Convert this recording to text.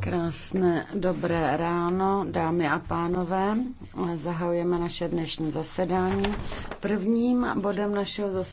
Krásné dobré ráno, dámy a pánové. Zahajujeme naše dnešní zasedání. Prvním bodem našeho zasedání